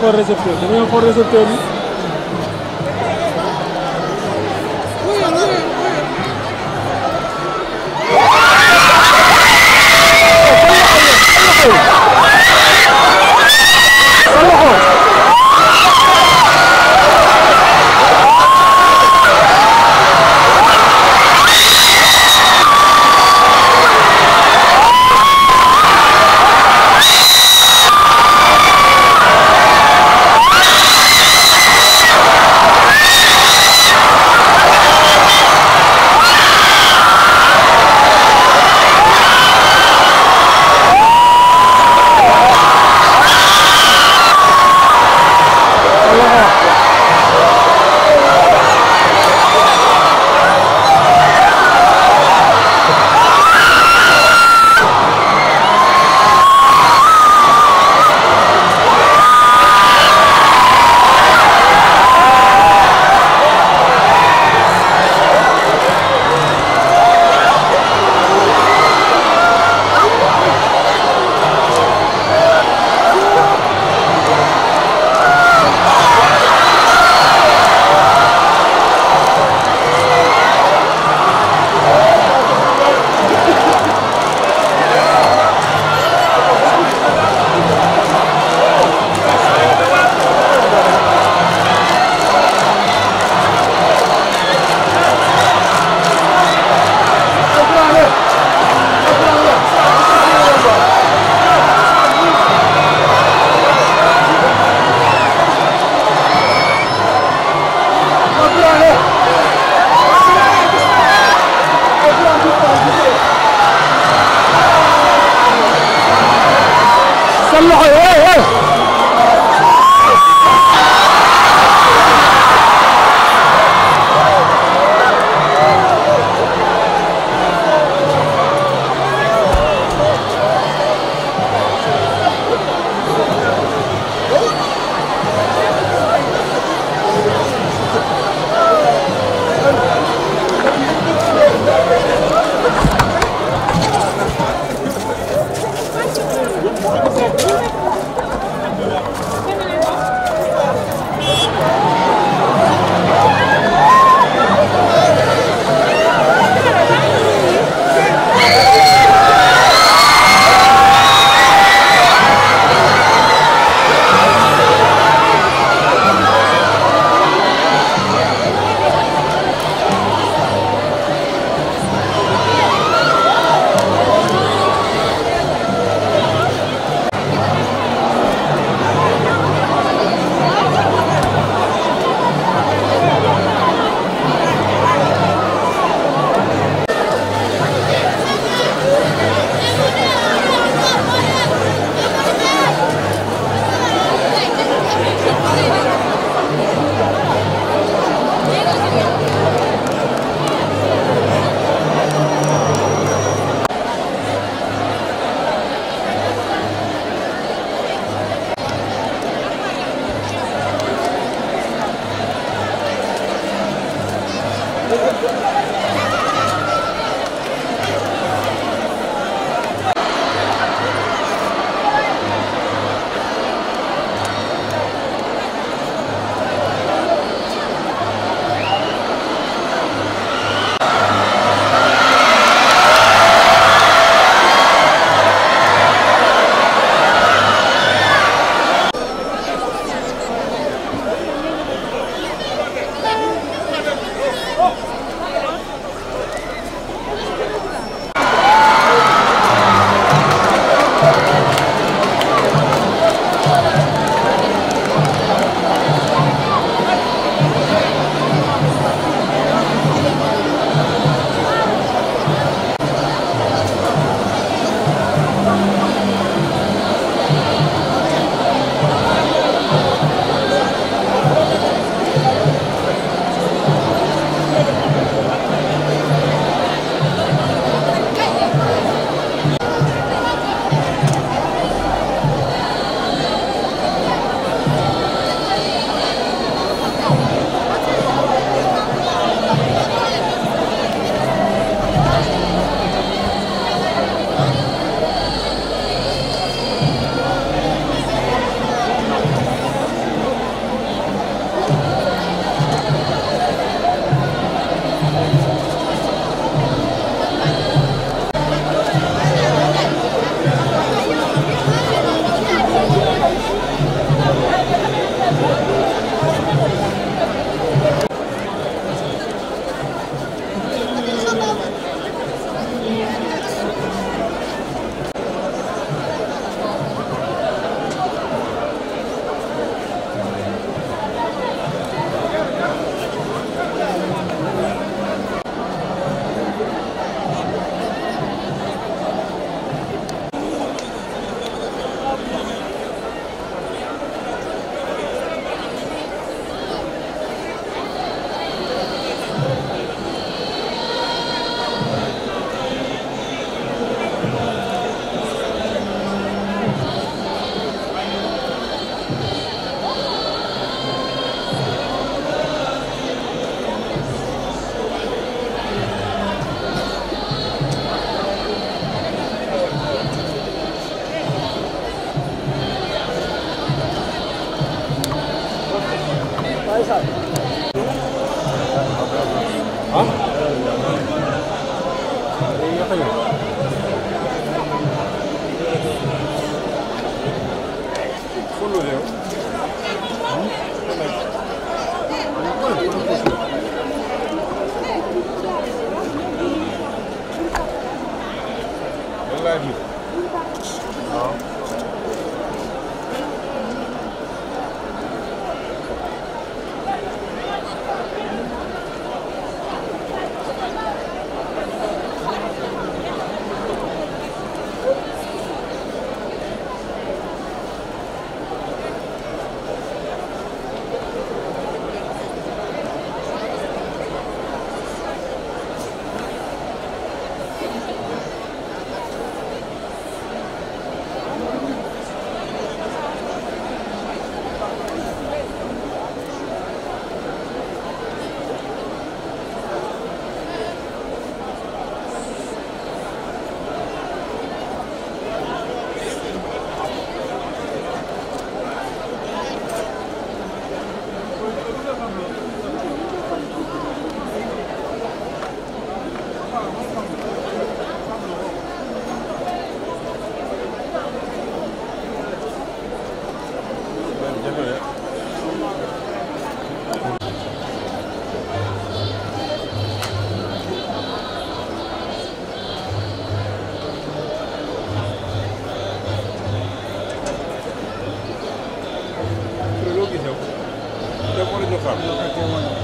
xool récepteur bi dañoo xool récepteur bi. D'accord.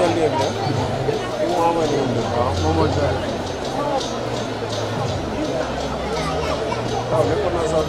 తెలియదు మామూలు ఉంది మామూలు సార్ లేకున్నా sir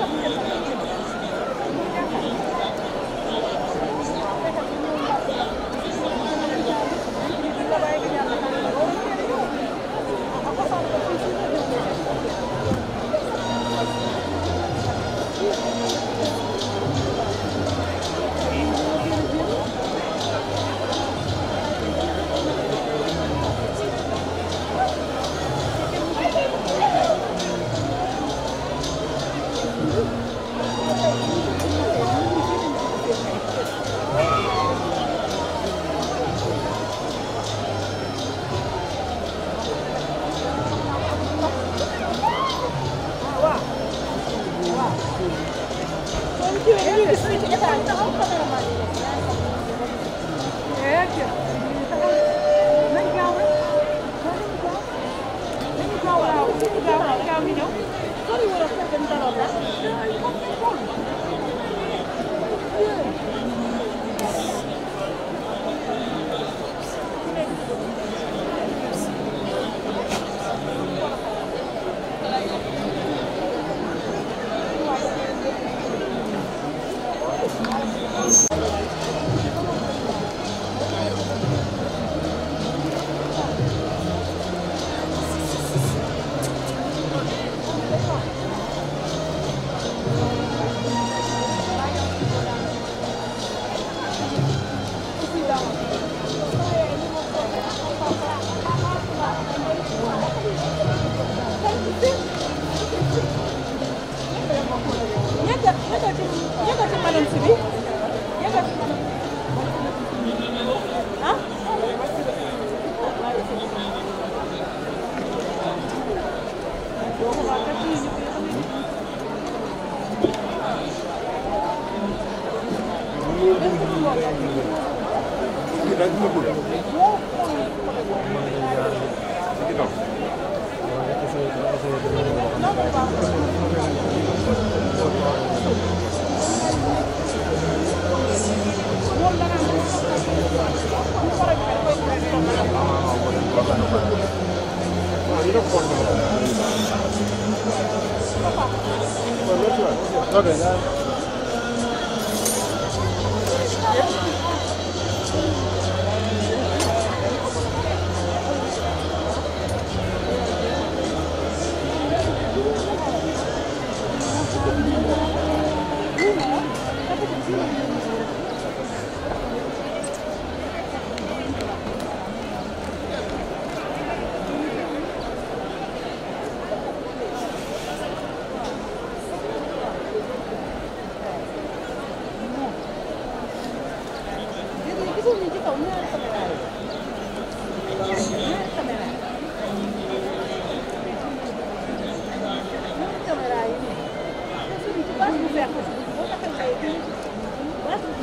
Look at that.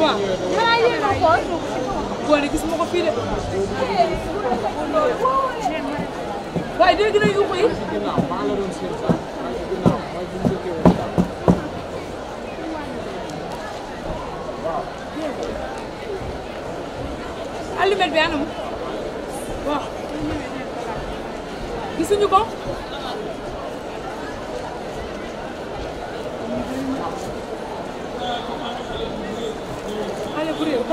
waaw. xanaa yéen a ko boole gis ma ko fii de. waaye dégg na yuuxu yi. allumette bi anam waaw gisuñu ko.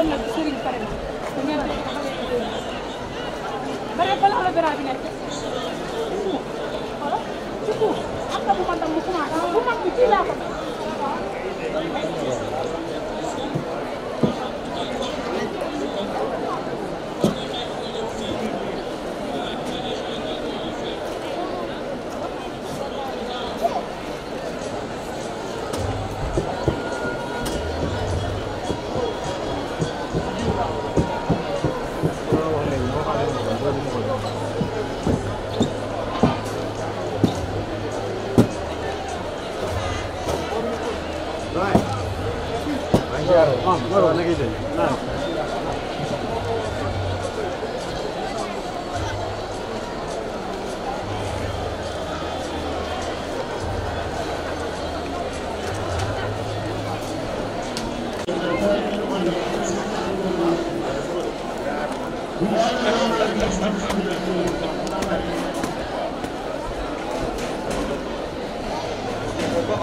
ëllëg sëriñ pare na bu ngeen dee ko xamee ko dégg bare bala ma ndam mu commencé bu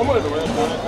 Ama öyle